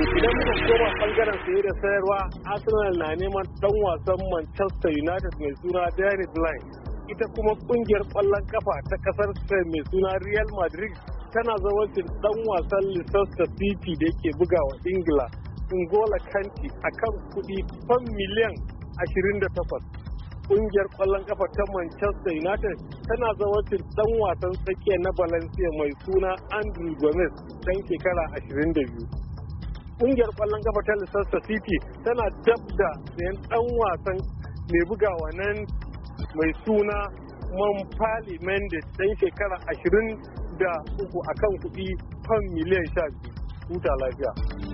idan muka koma bangaren saye da sayarwa arsenal na neman dan wasan manchester united mai suna danny blind ita kuma kungiyar kwallon kafa ta kasar spain mai suna real madrid tana zawancin dan wasan leicester city da ke bugawa ingila ingola Kanti a kan kuɗi fan miliyan 28. Ƙungiyar kwallon ƙafa ta Manchester United tana zawancin ɗan wasan tsakiya na Valencia mai suna Andrew Gomez dan shekara 22. kungiyar kwallon kafa ta Leicester City tana dab da sayan dan wasan mai bugawa nan mai suna Manfali Mendes dan shekara ashirin da 23 akan kuɗi fan miliyan sha biyu huta lafiya.